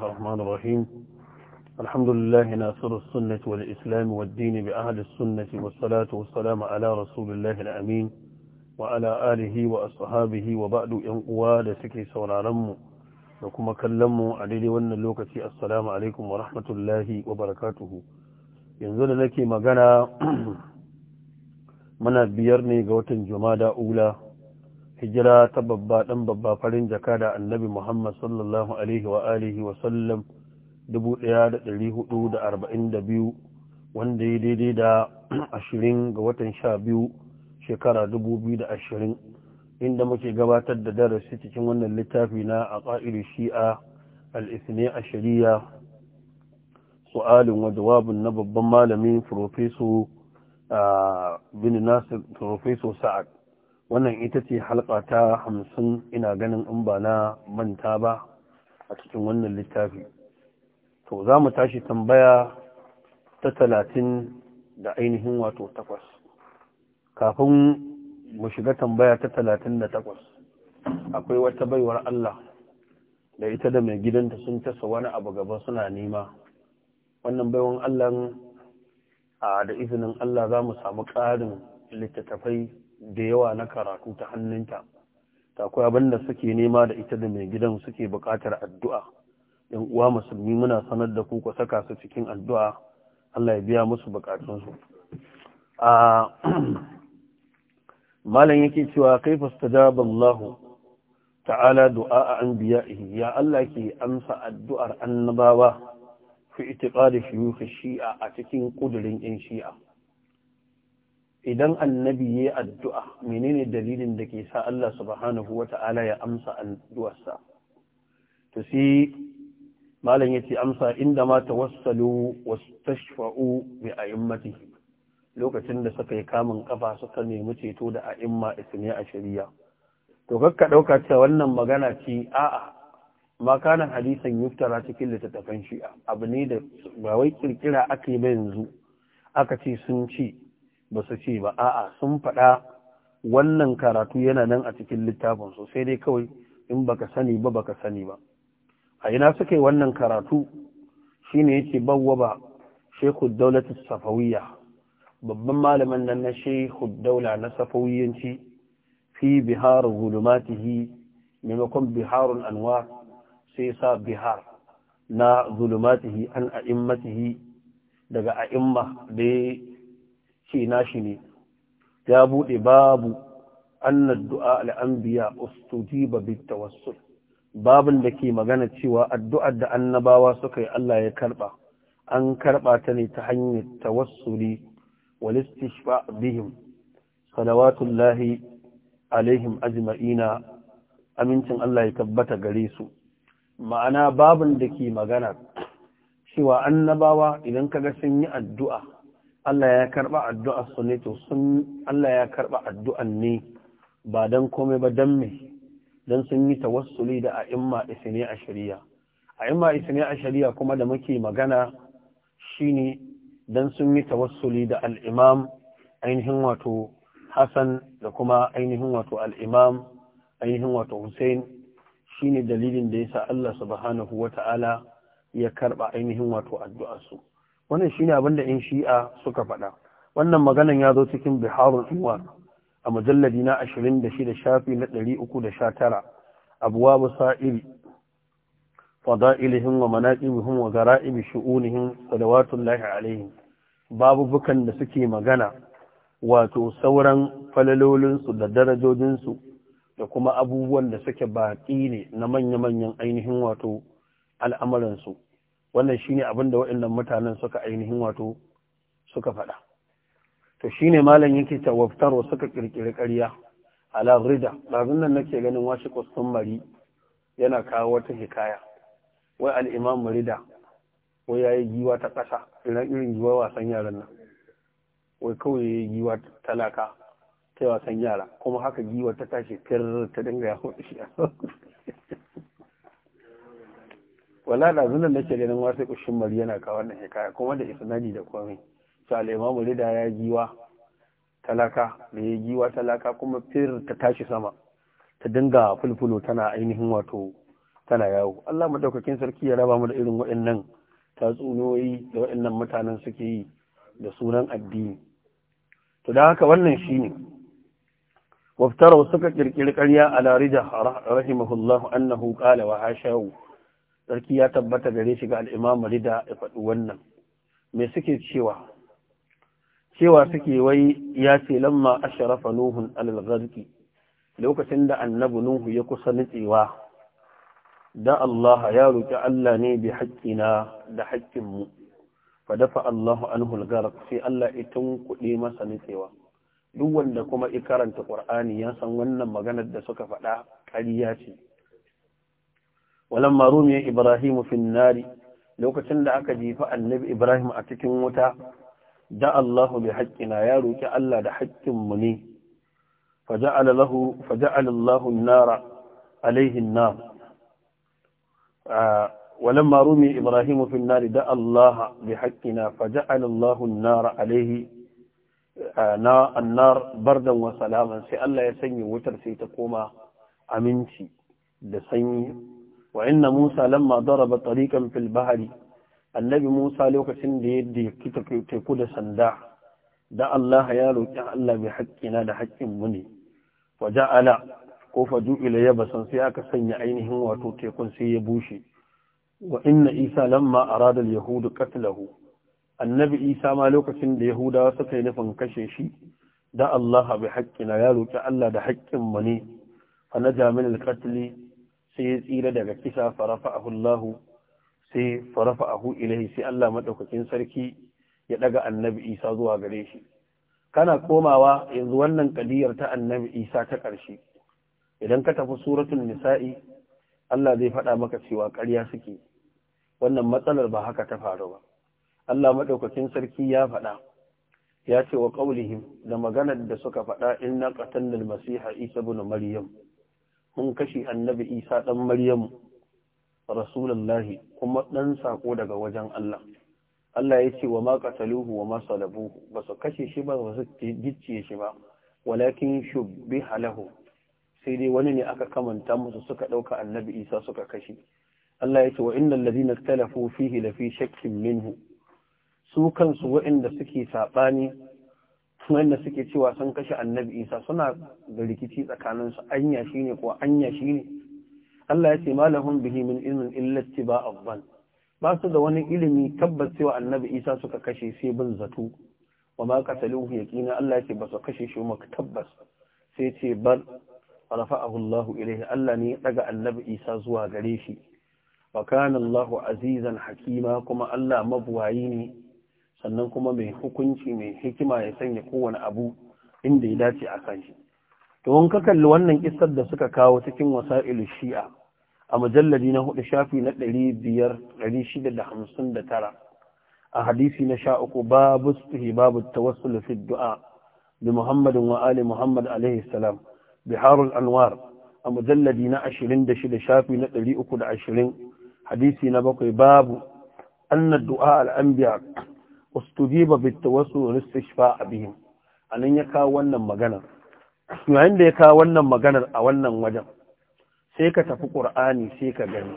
الرحمن الرحيم الحمد لله ناصر السنة والإسلام والدين بأهل السنة والصلاة والسلام على رسول الله الأمين وعلى آله وأصحابه وبعد ينقوى لسكي سورارم وكما كلموا عليه وأن اللوكة السلام عليكم ورحمة الله وبركاته ينزل لك مغانا منا بيرني قوة جمادة أولى hijira ta babba ɗan babba farin jaka da annabi Muhammad sallallahu Alaihi wa alihi wa sallam 1442 wanda ya daidai da 20 ga watan 12 shekara 2020 inda muke gabatar da darasi cikin wannan littafi na a ƙa'ir shi'a al'isne a shari'a su'alin wa jawabin na babban malamin Profeso ah, bin Nasir Profeso Sa'ad wannan ita ce halka ta hamsin ina ganin in ba na manta ba a cikin wannan littafi to za mu tashi tambaya ta talatin da ainihin wato takwas kafin mu shiga tambaya ta talatin da takwas akwai wata baiwar Allah da ita da mai gidanta sun tasa wani abu gaba suna nema wannan baiwan Allah a da izinin Allah za mu samu ƙarin littattafai da yawa na karatu ta hannunta ta kuwa banda suke nema da ita da mai gidan suke bukatar addu'a yan uwa musulmi muna sanar da kuka saka su cikin addu'a Allah ya biya musu buƙatunsu a malam yake cewa kai fasta jaban lahu ta'ala du'a a ihi, ya Allah ke amsa addu'ar annabawa fi itiqadi shuyukh shi'a a cikin ƙudurin yan shi'a idan annabi ya addu'a menene dalilin da ke sa Allah subhanahu wa ta'ala ya amsa addu'arsa to sai malam ya ce amsa inda ma tawassalu wastashfa'u bi a'immati lokacin da suka yi kamun kafa suka nemi ceto da a'imma isne a shari'a to kakka ɗauka cewa wannan magana ce a'a ma kana hadisan yuftara cikin littattafan shi'a abu ne da ba wai ƙirƙira aka yi ba yanzu aka ce sun ce ba su ce ba a'a sun faɗa wannan karatu yana nan a cikin littafin su sai dai kawai in baka sani ba baka sani ba a ina suka yi wannan karatu shine yake bawwa ba shekhu daulatus safawiyya babban malamin nan na shekhu daula na safawiyanci fi bihar zulumatihi maimakon biharin anwar sai sa bihar na zulumatihi an a'immatihi daga a'imma da ce nashi ne ya buɗe babu annad du'a al'anbiya ustujiba bit tawassul babin da ke magana cewa addu'ar da annabawa suka yi Allah ya karɓa an karɓa ta ne ta hanyar tawassuli wal istishfa bihim salawatullahi alaihim ajma'ina amincin Allah ya tabbata gare su ma'ana babin da ke magana cewa annabawa idan kaga sun yi addu'a Allah ya karɓa addu'ar su ne to sun Allah ya karɓa addu'an ne ba don komai ba dan me don sun yi tawassuli da a'imma isni a shari'a a'imma isni a shari'a kuma da muke magana shi ne don sun yi tawassuli da alimam ainihin wato Hassan da kuma ainihin wato al-imam ainihin wato Hussein shine dalilin da ya sa Allah subhanahu wata'ala ya karɓa ainihin wato addu'ar su wannan shine abin da in shi'a suka faɗa wannan maganan ya zo cikin biharul uwa a mujalladi na 26 shafi na 319 abwabu sa'iri fadailihim wa manaqibihim wa gara'ib shu'unihim salawatullahi alaihim babu bukan da suke magana wato sauran falalolinsu da darajojinsu da kuma abubuwan da suke baki ne na manya-manyan ainihin wato al'amuransu wannan shine abin da waɗannan mutanen suka ainihin wato suka faɗa to shi ne malam yake tawaftar suka kirkiri ƙarya a larida, ɗazun nan nake ganin washe kwastan mari yana kawo wata hikaya wai al'imam marida, wai ya yi giwa ta ƙasa irin irin giwa wasan yaran nan wai kawai ya yi giwa talaka ta wasan yara kuma haka giwa ta tashi fir ta dinga ya hudu wala da zunan nake ganin wasu kushin mari yana kawo wannan hikaya kuma da isnadi da komai to al-imamu rida ya giwa talaka da ya giwa talaka kuma fir ta tashi sama ta dinga fulfulo tana ainihin wato tana yawo Allah madaukakin sarki ya raba mu da irin waɗannan tatsuniyoyi da waɗannan mutanen suke yi da sunan addini to dan haka wannan shine waftarau suka kirkiri ƙarya ala rida rahimahullahu annahu qala wa hashahu sarki ya tabbata gare shi ga al'imam rida ya faɗi wannan mai suke cewa cewa suke wai ya ce lamma sharafa nuhun alalgarki lokacin da annabu nuhu ya kusa nutsewa da Allah ya roƙi Allah ne bi haƙƙina da haƙƙinmu fa dafa Allahu anhu algarq sai Allah ya tunkuɗe masa nutsewa duk wanda kuma ya karanta Qur'ani ya san wannan maganar da suka faɗa ƙarya ce walamma rumiya ibrahim fi lokacin da aka jefa annabi ibrahim a cikin wuta da Allahu bi haqqina ya roki Allah da haƙƙin mu ne faja'ala lahu faja'ala Allahu an-nara alayhi an-nar ولما رمي إبراهيم في النار دعا الله بحقنا فجعل الله النار عليه النار بردا وسلاما سي يسني وتر تقوم أمنتي da sanyi wa inna Musa lamma daraba tariqan fil bahri annabi Musa lokacin da yadda kita teku da sanda da Allah ya roki Allah bi haƙƙina da haƙƙin mu ne wa ja'ala ko faju ya basan sai aka sanya ainihin wato tekun sai ya bushe wa inna Isa lamma arada al-yahud annabi Isa ma lokacin da Yahudawa suka yi nufin kashe shi da Allah bi haƙƙina ya roki Allah da hakkin mu ne fa naja katli. sai ya tsira daga kisa farafa'ahu Allah sai farafa'ahu ilahi sai Allah madaukakin sarki ya daga annabi Isa zuwa gare shi kana komawa yanzu wannan kadiyar ta annabi Isa ta karshe idan ka tafi suratul nisa'i Allah zai faɗa maka cewa ƙarya suke wannan matsalar ba haka ta faru ba Allah madaukakin sarki ya faɗa ya ce wa qaulihim da maganar da suka faɗa inna qatalna al-masiha Isa ibn Maryam mun kashe annabi isa ɗan maryamu rasulullahi kuma ɗan saƙo daga wajen Allah Allah ya ce wa ma wa ma salabuhu ba su kashe shi ba su gicciye shi ba walakin shubbiha halahu. sai dai wani ne aka kamanta musu suka ɗauka annabi isa suka kashe Allah ya ce wa innal ladina ikhtalafu fihi lafi shakkin minhu su kansu waɗanda suke saɓani wanda suke cewa sun kashe annabi isa suna da rikici tsakaninsu anya shi ne ko anya shi ne Allah ya ce malahun bihi min ilmin illati ba abban ba su da wani ilimi tabbas cewa annabi isa suka kashe sai bin zato wa ma qataluhu yaqina Allah ya ce ba su kashe shi ma tabbas sai ce bal rafa'ahu Allah ilayhi Allah ne daga annabi isa zuwa gare shi wa kana Allah azizan hakima kuma Allah mabuwayi ne sannan kuma mai hukunci mai hikima ya sanya kowane abu inda ya dace a kan shi to in kalli wannan kisar da suka kawo cikin wasa'ilu shi'a a mujalladi na hudu shafi na ɗari biyar ɗari shida da hamsin da tara a hadisi na sha uku babu suhi babu tawassul fi du'a bi muhammadin wa ali muhammad alaihi salam biharul anwar a mujalladi na ashirin da shida shafi na ɗari uku da ashirin hadisi na bakwai babu أن du'a al'ambiya. ustujiba bitawassul istishfa bihim anan ya kawo wannan magana yayin da ya kawo wannan maganar a wannan wajen sai ka tafi qur'ani sai ka gani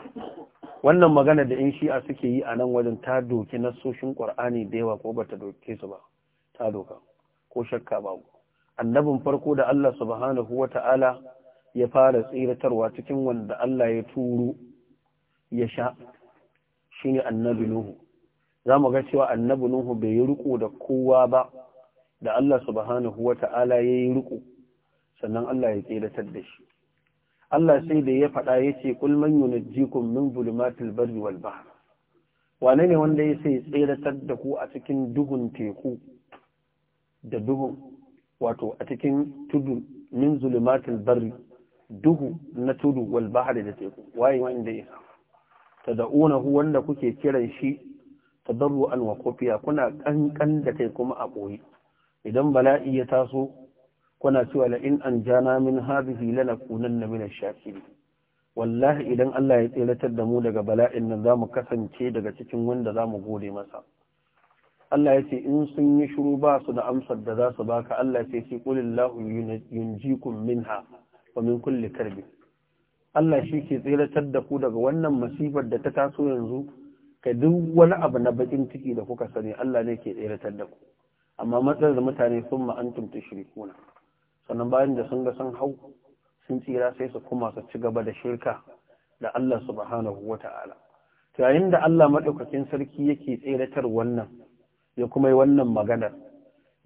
wannan magana da in shi'a suke yi a nan wajen ta doki soshin qur'ani da yawa ko bata doke su ba ta doka ko shakka ba annabin farko da Allah subhanahu wata'ala ya fara tsiratarwa cikin wanda Allah ya turo ya sha shine annabi nuhu za mu ga cewa annabi Nuhu bai yi riko da kowa ba da Allah subhanahu wa ta'ala ya yi riko sannan Allah ya tseratar da shi. Allah sai da ya faɗa ya ce kul man yunajjikum min zulumatil barri wal bahr wane ne wanda ya sai tseratar da ku a cikin duhun teku da duhun wato a cikin tudu min zulumatil barri duhu na tudu wal bahr da teku waye wanda ya ta wanda kuke kiran shi tadarru'an wa kofiya kuna kankan da kai kuma a boye idan bala'i ya taso kuna cewa la in anjana min hadhihi na min ash wallahi idan Allah ya tsiratar da mu daga bala'in nan zamu kasance daga cikin wanda zamu gode masa Allah ya ce in sun yi shiru ba su da amsar da za su baka Allah ya ce qulillahu yunjikum minha wa min kulli karbi Allah shi ke tsiratar da ku daga wannan masifar da ta taso yanzu ka duk wani abu na bakin ciki da kuka sani Allah ne ke tseratar da ku amma matsar da mutane sun ma'antum tushrikuna sannan bayan da sun ga sun hau sun tsira sai su kuma su ci gaba da shirka da Allah subhanahu wata'ala ta'ala. yayin da Allah madaukakin sarki yake tseratar wannan ya kuma yi wannan maganar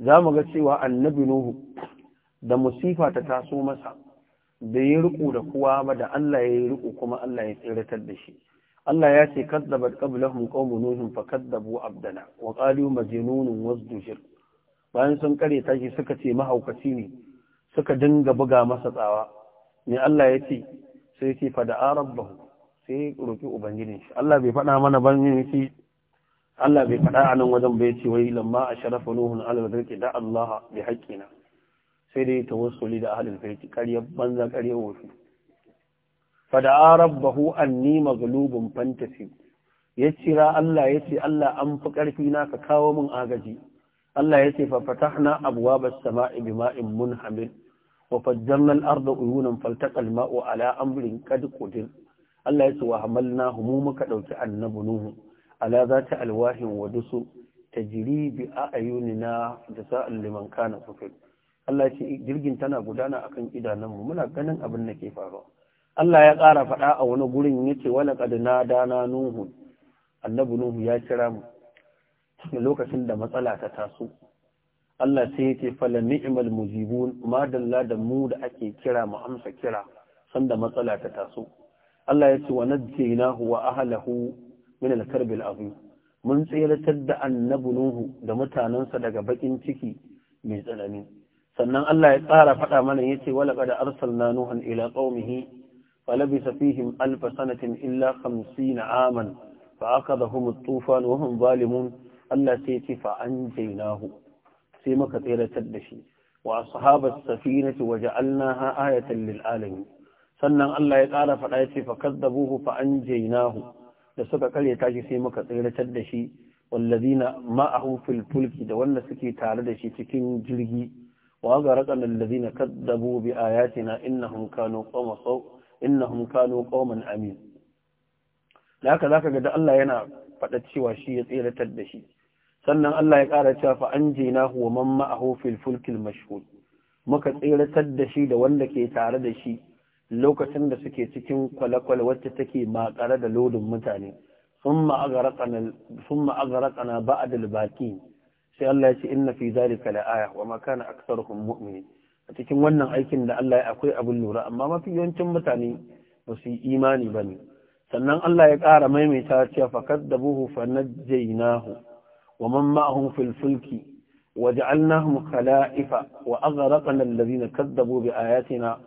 za mu ga cewa annabi nuhu da musifa ta taso masa da ya riƙo da kowa ba da Allah ya yi riƙo kuma Allah ya tseratar da shi Allah ya ce kadzabat qablahum qawmun nuhin fakadzabu abdana wa qalu majnunun wazdujir bayan sun kare taki suka ce mahaukaci ne suka dinga buga masa tsawa ne Allah ya ce sai ce fada'a rabbahu sai roki ubangijin shi Allah bai faɗa mana ban shi Allah bai faɗa a nan wajen bai ce wai lamma a sharafa nuhun alwazirki da Allah bi haƙƙina sai dai tawassuli da ahalin faiti ƙaryar banza ƙaryar wofi fada'a rabbahu anni maghlubun fantasi. ya cira Allah ya ce Allah an fi ƙarfi na ka kawo min agaji Allah ya ce fa fatahna abwaba as-sama'i bima'in munhamil wa fajjarna al-arda uyunan faltaqa al-ma'u ala amrin qad qadir Allah ya ce wa hamalna mu muka dauki annabi nuhu ala zati alwahin wa dusu tajri bi ayunina jasa'an liman kana kufir Allah ya ce jirgin tana gudana akan idanunmu muna ganin abin da ke faruwa Allah ya ƙara faɗa a wani gurin yace wala qad nadana nuhu annabi nuhu ya kira mu lokacin da matsala ta taso Allah sai yace fala ni'mal mujibun ma dalla da mu da ake kira mu amsa kira sanda matsala ta taso Allah yace wa najjaynahu wa ahlihi min al-karb al-azim mun tsiratar da annabi nuhu da mutanansa daga bakin ciki mai tsanani sannan Allah ya tsara faɗa mana yace wala qad arsalna nuhan ila qaumihi فلبث فيهم ألف سنة إلا خمسين عاما فأخذهم الطوفان وهم ظالمون ألا سيتي فأنجيناه سيما كثيرة تدشي وأصحاب السفينة وجعلناها آية للعالمين sannan Allah ya ƙara faɗa ya ce fakaddabuhu fa anjaynahu da suka kare ta shi sai muka tsiratar da shi wallazina ma'ahu fil fulki da wanda suke tare da shi cikin jirgi wa ga raqan allazina kaddabu bi ayatina innahum kanu qawma innahum kanu qauman amin da haka zaka ga da Allah yana faɗa cewa shi ya tseratar da shi sannan Allah ya ƙara cewa fa anjinahu wa man ma'ahu fil fulkil mashhud muka tseratar da shi da wanda ke tare da shi lokacin da suke cikin kwalakwal wacce take makare da lodin mutane thumma aghraqana thumma aghraqana ba'd al-baqin sai Allah ya ce inna fi zalika la aya wa ma kana aktharuhum mu'minin a cikin wannan aikin da Allah ya akwai abin lura amma mafi yawancin mutane ba su yi imani ba ne sannan Allah ya ƙara maimaita cewa fakat da buhu fa najjaynahu wa man ma'ahum fil fulki wa ja'alnahum khala'ifa wa aghraqna alladhina kadzabu bi ayatina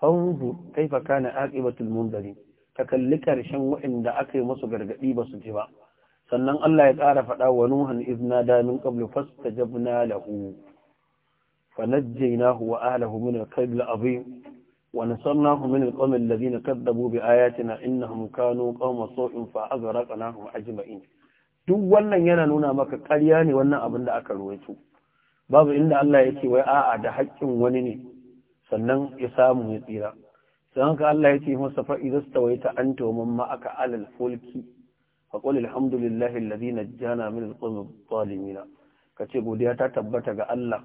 fanzu kaifa kana aqibatul munzirin ka kalli karshen waɗanda aka yi musu gargadi ba su ji ba sannan Allah ya ƙara faɗa wa nuhan izna da min qablu fastajabna lahu فنجيناه وأهله من الكيد العظيم ونصرناه من القوم الذين كذبوا بآياتنا إنهم كانوا قوم سوء فأغرقناهم أجمعين duk wannan yana nuna maka ƙarya ne wannan abin da aka ruwaito babu inda Allah ya ce wai a'a da haƙƙin wani ne sannan ya samu ya tsira sai haka Allah ya ce masa fa idza stawaita anta wa man ma'aka alal fulki fa qul alhamdulillahi alladhi najjana min alqawmi adh-dhalimin kace godiya ta tabbata ga Allah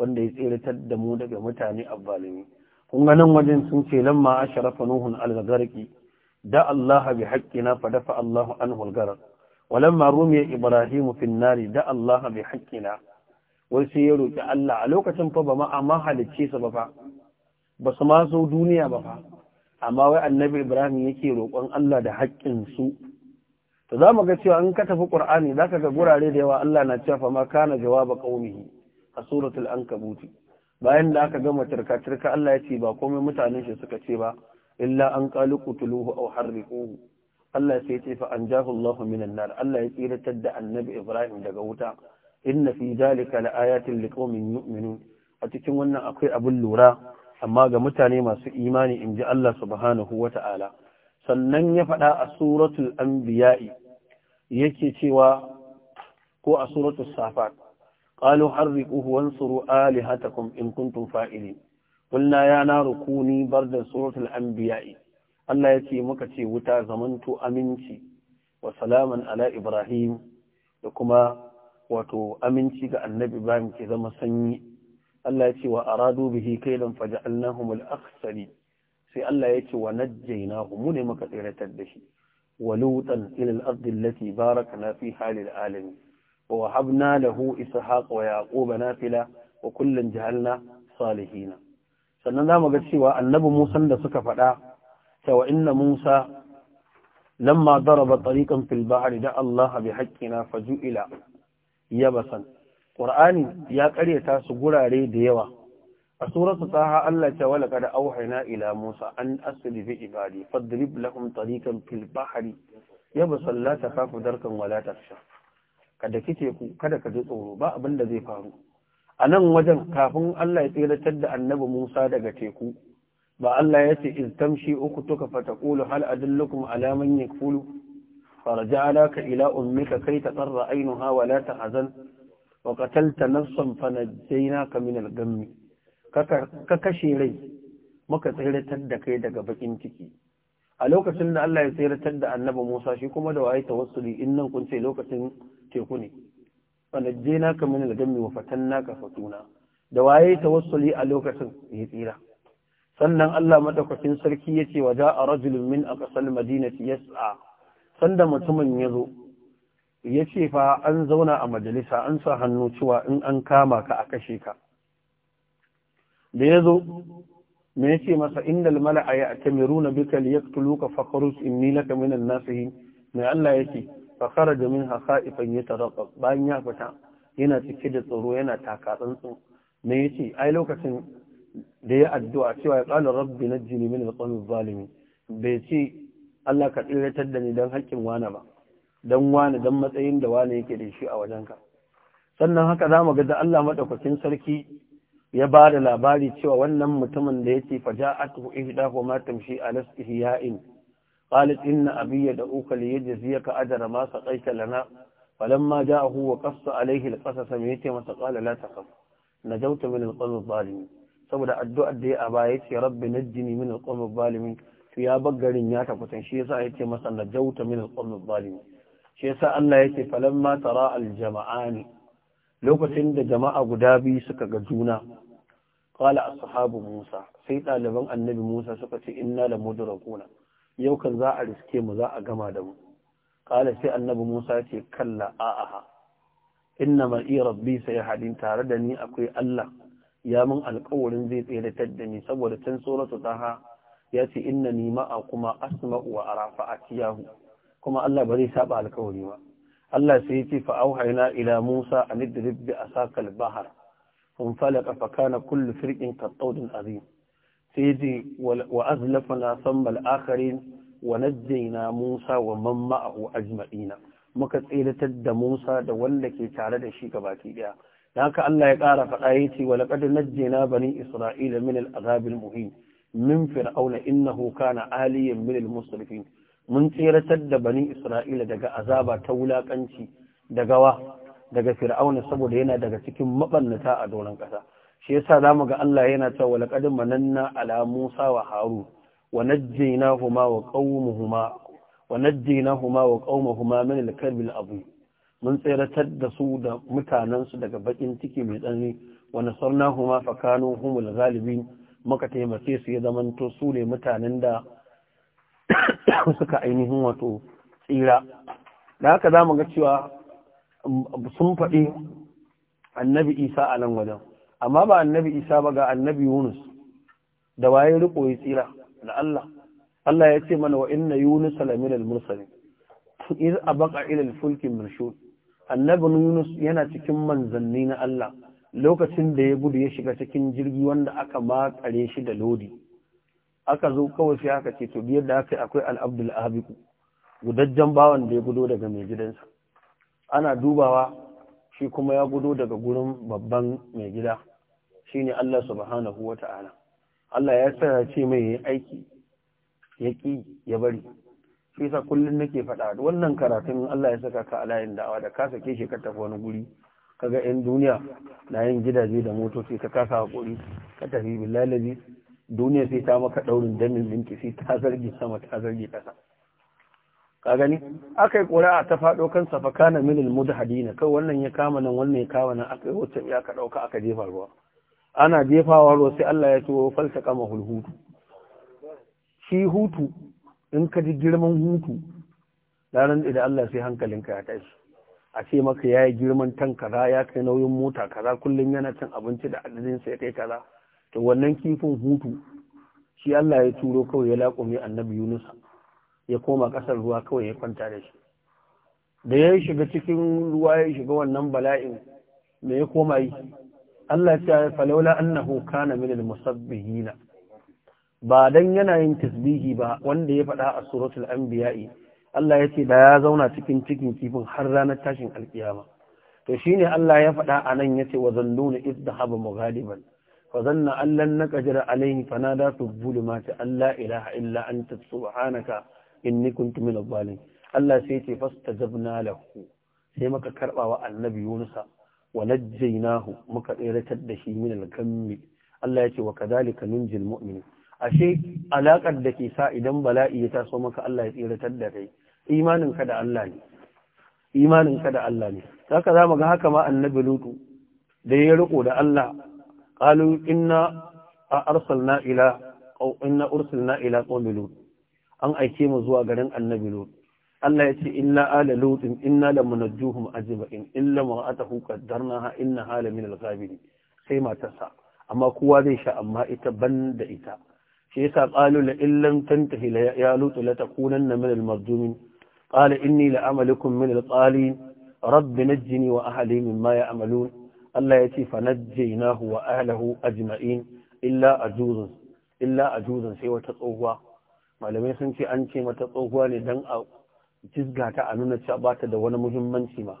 wanda ya tsiratar da mu daga mutane azzalimi kun ga nan wajen sun ce lamma asharafa nuhun al da Allah bi haqqina fa dafa Allah anhu al walamma rumiya ibrahim fi an-nar da Allah bi haqqina wai sai ya roki Allah a lokacin fa ba ma amma halicce sa ba fa ba su ma zo duniya ba fa amma wai annabi ibrahim yake roƙon Allah da haƙƙin su to za mu ga cewa in ka tafi qur'ani zaka ga gurare da yawa Allah na cewa fa ma kana jawaba qaumihi a suratul buti bayan da aka gama turka-turka Allah ya ce ba komai mutanen shi suka ce ba illa an qalu qutuluhu aw harriquhu Allah sai ya ce fa anjahu Allahu minan nar Allah ya tsiratar da Annabi Ibrahim daga wuta inna fi zalika laayatin liqaumin yu'minun a cikin wannan akwai abin lura amma ga mutane masu imani inji Allah subhanahu wata'ala sannan ya faɗa a suratul anbiya'i yake cewa ko a suratul safat قالوا حرقوه وانصروا آلهتكم إن كنتم فائلين قلنا يا نار كوني برد سورة الأنبياء الله يتي مكتي وتا زمنت أمنتي وسلاما على إبراهيم لكما wato aminci ga annabi Ibrahim ke zama sanyi Allah ya ce wa aradu bihi kailan faja'alnahum al-akhsari sai Allah ya ce wa najjaynahu mu ne muka tsiratar da shi wa lutan ila al-ardi allati barakna na habna lahu ishaq wa yaquba nafila wa kullun na salihina sannan zamu ga cewa annabi Musa da suka faɗa cewa inna Musa lamma daraba tariqan fil da Allah bi haqqina faju'ila yabasan qur'ani ya ƙaryata su gurare da yawa a suratu saha Allah ta wala kada auhayna ila Musa an asri bi ibadi fadrib lahum tariqan fil bahri yabasan la takhafu darkan wala ka daki teku kada ka ji tsoro ba abin da zai faru a nan wajen kafin Allah ya tseratar da annabi Musa daga teku ba Allah ya ce iz tamshi uku tuka kulu hal adullukum ala man yakfulu alaka ila ummika kai taqarra ainuha wa la tahzan wa qatalta nafsan fanajaynaka min al-ghammi ka kashe rai muka tseratar da kai daga bakin ciki a lokacin da Allah ya tsiratar da annabi Musa shi kuma da waye tawassuli in nan kun ce lokacin teku ne je ka min al-gammi wa fatanna ka fatuna da waye tawassuli a lokacin ya tsira sannan Allah madaukakin sarki yace wa a rajulun min aqsal madinati yas'a sanda mutumin yazo yace fa an zauna a majalisa an sa hannu cewa in an kama ka a kashe ka da ya zo, me yace masa innal mala'a ya'tamiruna bika liyaktuluka Fakarus in laka min an-nasihin me Allah yake fakara da min haka ifan yi tarafa bayan ya fita yana cike da tsoro yana taka na me ce ai lokacin da ya addu'a cewa ya qala rabbi na jini min alqawmi zalimi bai ce Allah ka tsiratar da ni don haƙƙin wane ba don wani don matsayin da wani yake da shi a wajenka sannan haka zamu ga da Allah madaukakin sarki ya ba da labari cewa wannan mutumin da ya ce yake faja'atu ihdahu ma tamshi ala ihya'in Khalid, قالت إن أبي يدعوك ليجزيك أجر ما سقيت لنا فلما جاءه وقص عليه القصص ميتي وتقال لا تخف نجوت من القوم الظالمين saboda addu'ar da ya aba ya ce rabbi najjini min alqawmi zalimin to ya baggarin ya tafutan shi yasa yace masa najauta min alqawmi zalimin shi yasa Allah yake falamma tara aljama'ani lokacin da jama'a guda biyu suka ga juna qala ashabu musa sai ɗaliban annabi musa suka ce inna lamudrakuna yau kan za a riske mu za a gama da mu qala sai annabi Musa ce kalla aha. inna ma iya rabbi sai hadin tare da ni akwai Allah ya mun alƙawarin zai tsere da ni saboda can suratu taha ya ce inna ni ma'a kuma asma'u wa arafa ciyahu. kuma Allah ba zai saba alƙawari ba Allah sai ya ce fa auhayna ila Musa an idrib bi asakal bahar فانفلق فكان kullu فرق كالطود azim. sai ji wa na sammal akharin wa najjayna Musa wa man ma'ahu ajma'ina muka tseratar da Musa da wanda ke tare da shi gabaki daya dan haka Allah ya ƙara faɗa yace wa laqad najjayna bani isra'ila min al-azab min fir'auna huka na aliyan min al-musrifin mun tseratar da bani isra'ila daga azaba ta wulakanci da gawa daga fir'auna saboda yana daga cikin mabannata a doron ƙasa shi yasa zamu ga Allah yana cewa laqad mananna ala Musa wa Harun wa najjaynahuma wa qaumuhuma wa najjaynahuma wa qaumuhuma min al karbi al-azim mun tsiratar da su da mutanen su daga bakin ciki mai tsanani wa nasarnahuma fa kanu humul ghalibin muka taimake su ya zamanto su ne mutanen da suka ainihin wato tsira da haka zamu ga cewa um, sun faɗi annabi Isa a nan wajen amma ba annabi isa ba ga annabi yunus da waye riko ya tsira da Allah Allah ya ce mana wa inna yunus salamin al-mursalin iz abaqa ila al-fulki mashhur annabi yunus yana cikin manzanni na Allah lokacin da ya gudu ya shiga cikin jirgi wanda aka makare shi da lodi aka zo kawai sai aka ce to biyar da aka akwai al-abdul abiq gudajjan bawan da ya gudo daga mai gidansa ana dubawa shi kuma ya gudu daga gurin babban mai gida Shi ne Allah subhanahu ta’ala. Allah ya sa ce mai ya aiki ya ƙi ya bari shi sa kullum nake faɗa wannan karatun Allah ya saka ka a layin da'awa da ka sake shi ka tafi wani guri ga yan duniya na yin gidaje da motoci ka kasa ƙuri, ka tafi billahi duniya sai ta maka ɗaurin damin minki sai ta zargi sama ta zargi kasa ka gani akai qura'a ta faɗo kan safakana mudu Hadina. kai wannan ya kama nan wannan ya kama nan Aka yi wacce ya ka ɗauka aka jefa ruwa ana jefawa ruwa sai Allah ya ce wa falta kama hulhutu shi hutu in ka ji girman hutu ranar da Allah sai hankalinka ya tashi a ce maka ya yi girman tan kaza ya kai nauyin mota kaza kullum yana cin abinci da adadin sai kai kaza to wannan kifin hutu shi Allah ya turo kawai ya laƙume annabi Yunus ya koma ƙasar ruwa kawai ya kwanta da shi da ya shiga cikin ruwa ya shiga wannan bala'in me ya koma yi Allah ya ce falaula annahu kana min al-musabbihin ba dan yana yin tasbihi ba wanda ya faɗa a suratul anbiya'i Allah ya ce da ya zauna cikin cikin kifin har ranar tashin alkiyama to shine Allah ya faɗa anan nan yace wa zannuna izdahaba mughaliban fa zanna allan naqdir alayhi fanada fi dhulumati ilaha illa anta subhanaka inni kuntu minadh-dhalimin Allah sai ya ce fastajabna lahu sai maka wa annabi Yunusa wa nahu muka tseratar da shi min al-gammi Allah yace wa kadalika nunjil mumini ashe alakar da ke sa idan bala'i ya taso maka Allah ya tsiratar da kai imanin da Allah ne imanin ka da Allah ne haka zamu ga haka ma annabi lutu da ya riko da Allah qalu inna arsalna ila aw inna ursilna ila qawmi lut an aike mu zuwa garin annabi lutu Allah ya ce inna ala lutin inna la munajjuhum ajma'in illa mar'atahu qaddarnaha innaha hala min al sai matarsa amma kowa zai sha amma ita banda ita shi yasa qalu la illan tantahi la ya lutu la takunanna min al-marjumin qala inni la amalukum min al-qalin rabbi najjini wa ahli mimma ya'malun Allah ya ce fanajjaynahu wa ahlihi ajma'in illa ajuzun illa ajuzun sai wata tsohuwa malamai sun ce an ce mata tsohuwa ne dan a jizga ta a nuna cewa ba ta da wani muhimmanci ma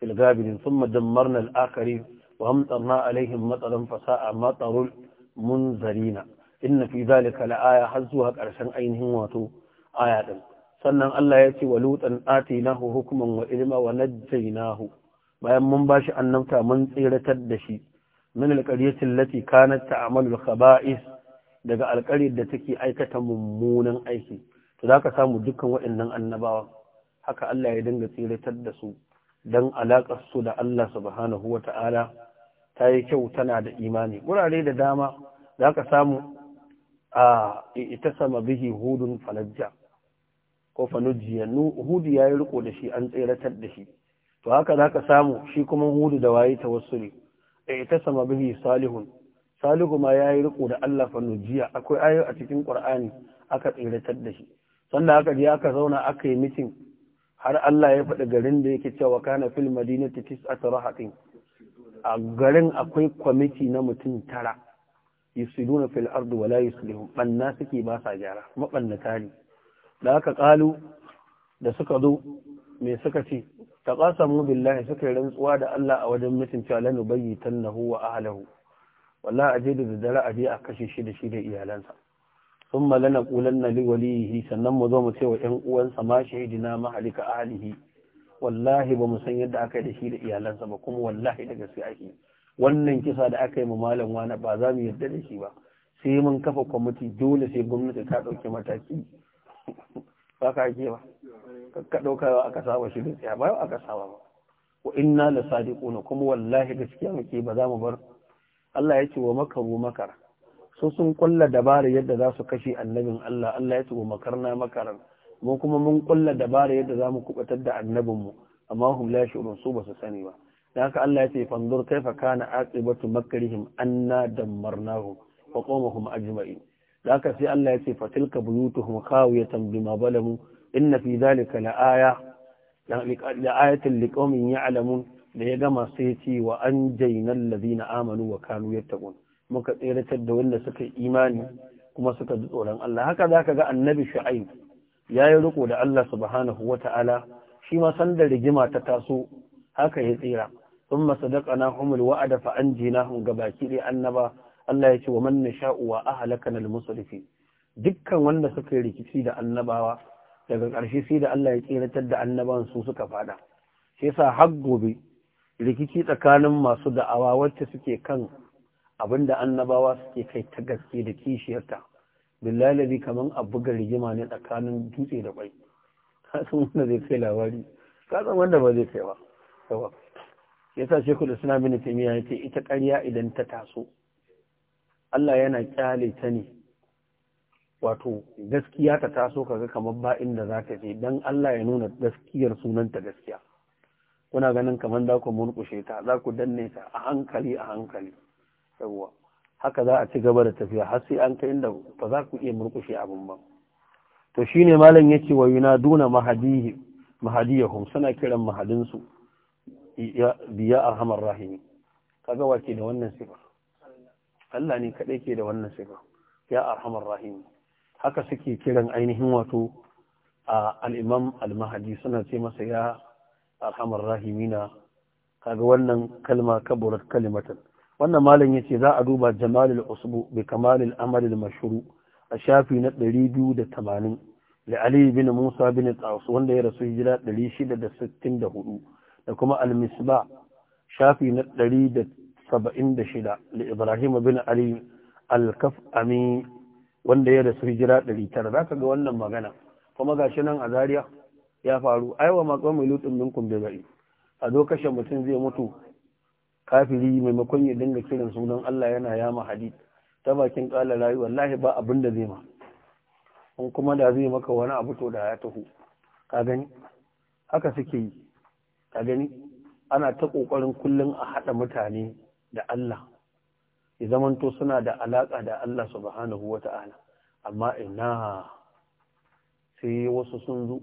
fil sun sun na al'akari wa na alaihin matsalan fasa'a matsarul munzarina inna fi zalika la'aya har zuwa ƙarshen ainihin wato aya din sannan Allah ya ce wa lutan atinahu hukuman wa ilma wa najjaynahu bayan mun shi annabta mun tsiratar da shi min alqaryati allati kanat ta'malu al-khaba'is daga alƙaryar da take aikata mummunan aiki to zaka samu dukkan waɗannan annabawa haka Allah ya dinga tsiratar da su don alaƙar su da Allah subhanahu wa ta'ala ta yi kyau tana da imani wurare da dama za ka samu a ita sama bihi hudun falajja ko fanujiya hudu ya yi riko da shi an tseratar da shi to haka za ka samu shi kuma hudu da waye ta wasu ne a ita sama bihi salihun salihu ma ya yi riko da Allah fanujiya akwai ayo a cikin qur'ani aka tsiratar da shi sannan aka je aka zauna aka yi mitin har Allah ya faɗi garin da yake cewa kana fil madinati tis'atu rahatin a garin akwai kwamiti na mutum tara yusiduna fil ardi wala yuslihun banna suke ba sa gyara mabannata ne da aka kalu da suka zo me suka ce taqasamu billahi suka rantsuwa da Allah a wajen mutum cewa lanubayyitannahu wa ahlihi wallahi aje da dare aje a kashe shi da shi da iyalansa Sun ثم لنقولن yi sannan mu zo mu ce wa uwansa ma shahidina mahalika alihi. wallahi ba mu san yadda aka yi da shi da iyalansa ba kuma wallahi da gaske ake wannan kisa da aka yi mu malam wani ba za mu yarda da shi ba sai mun kafa kwamiti dole sai gwamnati ta ɗauki mataki ba ka ake ba ka ɗauka aka saba shi da tsaya ba aka saba ba wa inna la sadiquna kuma wallahi gaskiya muke ba za mu bar Allah ya ce wa makaru makara su sun kulla dabara yadda za su kashe annabin Allah Allah ya tuba makarna makaran mu kuma mun kulla dabara yadda za mu kubatar da annabinmu amma hum la yashurun su ba su sani ba da haka Allah ya ce fanzur kaifa kana aqibatu makrihim anna dammarnahu wa qawmuhum ajma'in da haka sai Allah ya ce fatilka buyutuhum khawiyatan bima zalamu inna fi dhalika la'aya la'ayatan liqaumin al'amun da ya gama sai ya ce wa anjayna alladhina amanu wa kanu yattaqun muka tseratar da wanda suka yi imani kuma suka ji tsoron Allah haka za ka ga annabi sha'ayi ya yi riko da Allah subhanahu wa ta'ala shi ma san da rigima ta taso haka ya tsira sun masadaka na humul wa'ada fa an jina hun ga baki ɗaya annaba Allah ya ce wa manna sha'uwa wa ahlaka lil musulfi dukkan wanda suka yi rikici da annabawa daga ƙarshe sai da Allah ya tseratar da annaban su suka faɗa. shi yasa har gobe rikici tsakanin masu da'awa wacce suke kan abinda annabawa suke kai ta gaske da kishiyarta billahi kaman a buga rigima ne tsakanin dutse da kwai kasan wanda zai kai labari kasan wanda ba zai kai ba yawa yasa suna mini bin taymiya yace ita ƙarya idan ta taso Allah yana kyale ta ne wato gaskiya ta taso kaga kamar ba inda za ta je dan Allah ya nuna gaskiyar sunanta gaskiya kuna ganin kamar za ku murkushe ta za ku danne ta a hankali a hankali yawwa haka za a ci gaba da tafiya har sai an kai inda ba za ku iya murkushe abin ba to shine malam yace wa duna mahadihi mahadiyahum suna kiran mahadinsu biya arhamar rahimi kaga wace da wannan sifa Allah ne kadai ke da wannan sifa ya arhamar rahimi haka suke kiran ainihin wato al-imam al-mahdi suna ce masa ya arhamar rahimina kaga wannan kalma kaburat kalimatan wannan malam yace za a duba jamalul usbu bi kamalil amalil mashru a shafi na 280 da ali bin musa bin taus wanda ya rasu hijira 664 da kuma al misbah shafi na 176 da ibrahim bin ali al-kaf'ami wanda ya rasu hijira 900 zaka ga wannan magana kuma gashi nan a Zariya ya faru aiwa maqamul lutum minkum bi ba'i a zo kashe mutum zai mutu kafiri maimakon ya dinga kiran sunan Allah yana yama hadi. ta bakin kala rayu wallahi ba abin da zai ma in kuma da zai maka wani abu to da ya taho ka gani haka suke yi ka gani ana ta kokarin kullun a hada mutane da Allah ya zamanto suna da alaka da Allah subhanahu wata'ala amma ina sai wasu sun zo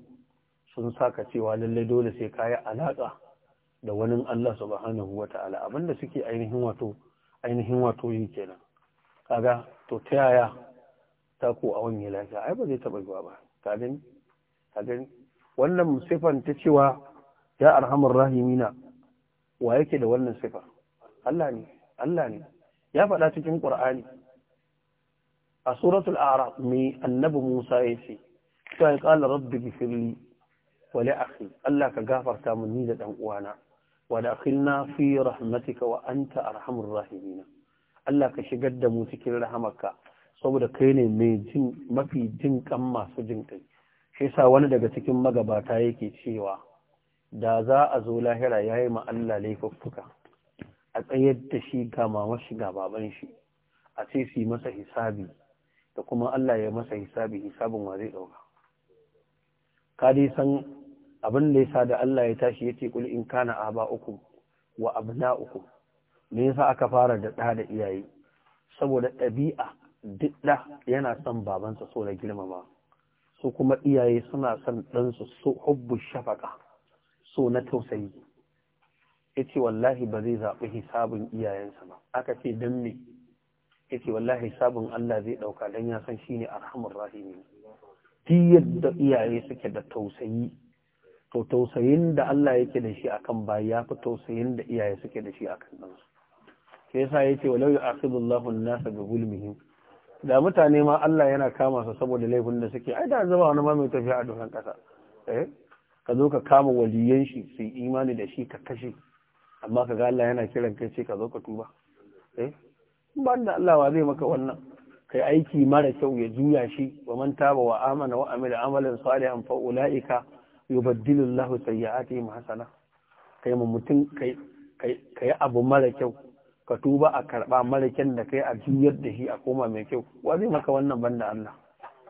sun saka cewa lalle dole sai kayi alaka da wani Allah subhanahu wa ta'ala abinda suke ainihin wato ainihin wato kenan kaga to ta yaya ta ko a wani lafiya ai ba zai taba zuwa ba ka gani wannan sifan ta cewa ya arhamar rahimina wa yake da wannan sifa Allah ne Allah ne ya faɗa cikin Ƙur'ani. a suratul a'raf mai annabi Musa ya ce sai qala rabbi ghfirli wale li akhi Allah ka gafarta mun ni da ɗan uwana وداخلنا في رحمتك وأنت Allah الراحمين الله da دمو cikin rahamarka saboda kai ne mai jin mafi jin kan masu jin kai shi yasa wani daga cikin magabata yake cewa da za a zo lahira yayi ma Allah laifuffuka a tsayar da shi ga mama shi ga baban shi a ce su yi masa hisabi da kuma Allah ya masa hisabi hisabin wa zai dauka ka dai san abin da yasa da Allah ya tashi yace kul in kana uku, wa abna'ukum me yasa aka fara da da da iyaye saboda ɗabi'a duk da yana son babansa so na girmama su kuma iyaye suna son ɗansu so hubbu shafaka so na tausayi yace wallahi ba zai zabi hisabin iyayensa ba aka ce dan me yace wallahi hisabin Allah zai ɗauka dan ya san shine arhamur rahimi ti yadda iyaye suke da tausayi to tausayin da Allah yake da shi akan ba ya fi tausayin da iyaye suke da shi akan ɗansu sai yasa yace walau yu'akhidullahu an-nasa ga zulmihim da mutane ma Allah yana kama su saboda laifin da suke ai da zama wani ma mai tafiya a dokan kasa eh ka zo ka kama waliyan shi su imani da shi ka kashe amma ka ga Allah yana kiran kai ce ka zo ka tuba eh ban da Allah wa zai maka wannan kai aiki mara kyau ya juya shi wa man taba wa amana wa amila amalan salihan fa ulaika yubaddilu Allahu sayyi'atihim hasana kai mu mutum kai kai abu mara kyau ka tuba a karba mara kyan da kai a juyar da shi a koma mai kyau wa zai maka wannan banda Allah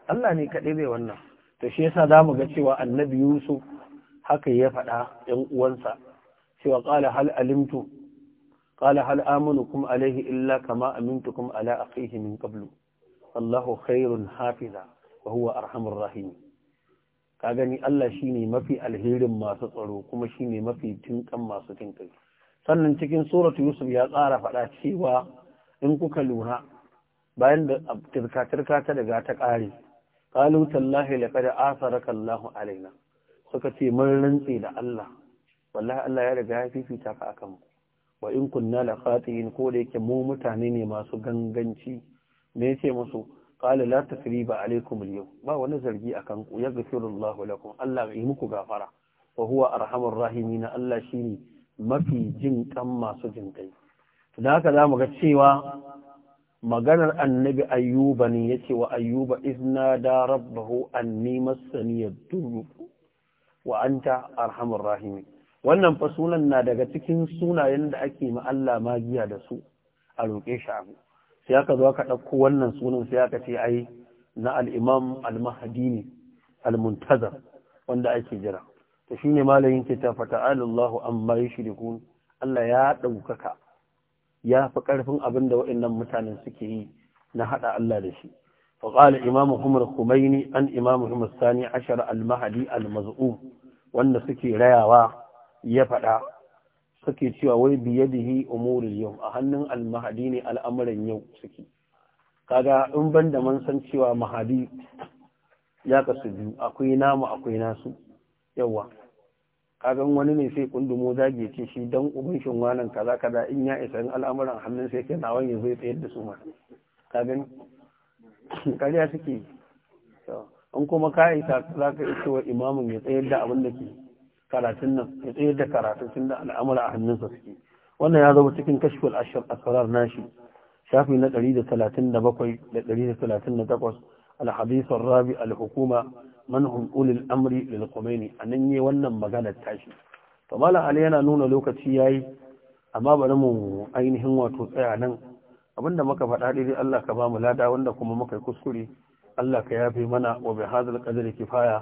Allah ne kaɗai zai wannan to shi yasa zamu ga cewa annabi Yusuf haka ya faɗa ‘yan uwansa, cewa ƙala hal alimtu, ƙala hal aminukum alaihi illa kama amintukum ala aqihi min qablu, Allahu khairun hafiza wa huwa arhamur rahim. ka gani Allah shi ne mafi alherin masu tsaro kuma shi ne mafi tinkan masu tinkan sannan cikin suratu yusuf ya tsara faɗa cewa in kuka lura bayan da tirka-tirka ta daga ta ƙare ƙalu tallahi da asaraka Allahu alaina suka ce mun rantse da Allah wallahi Allah ya riga ya fifita ka akan mu wa in kunna la khati'in ko da yake mu mutane ne masu ganganci me yace musu qala la takriba alaikum al ba wani zargi akan ku yaghfirullahu lakum Allah ya yi muku gafara wa huwa arhamur rahimin Allah shine mafi jin kan masu jin kai to da haka zamu ga cewa maganar annabi ayyuba ne yace wa ayyuba izna da rabbahu anni massani yadurru wa anta arhamur rahimin wannan fa sunan na daga cikin sunayen da ake ma Allah magiya da su a roƙe shi abu sai aka zo aka ɗauko wannan sunan sai aka ce ai na al'imam al-mahadi ne al-muntazar wanda ake jira to shine malamin ke ta fata'alallahu amma yushrikun Allah ya ɗaukaka ya fi ƙarfin abin da waɗannan mutanen suke yi na haɗa Allah da shi فقال إمامهم Sani, أن Al-mahadi al المهدي wanda suke rayawa ya faɗa. suke cewa wai biyadihi umurul yau a hannun almahadi ne al'amuran yau suke kaga in ban da man san cewa mahadi ya kasu biyu akwai namu akwai nasu yawa kagan wani ne sai kundumo zage ce shi dan ubin shin wannan kaza kaza in ya isa in al'amuran hannun sai kai nawan ya zai tsayar da su ma kagan kariya suke in kuma ka isa za ka isa wa imamun ya tsayar da abin da ke karatun nan ya da karatun tun da al'amura a hannunsa suke wannan ya zama cikin kashful ashir asrar nashi shafi na 137 da 138 al-hadith ar-rabi al-hukuma man hum ulil amri lil khumaini anan yayi wannan magana tashi to malam ali yana nuna lokaci yayi amma bari mu ainihin wato tsaya nan abinda muka faɗa dai Allah ka ba mu lada wanda kuma muka yi kuskure Allah ka yafe mana wa bi hadal qadri kifaya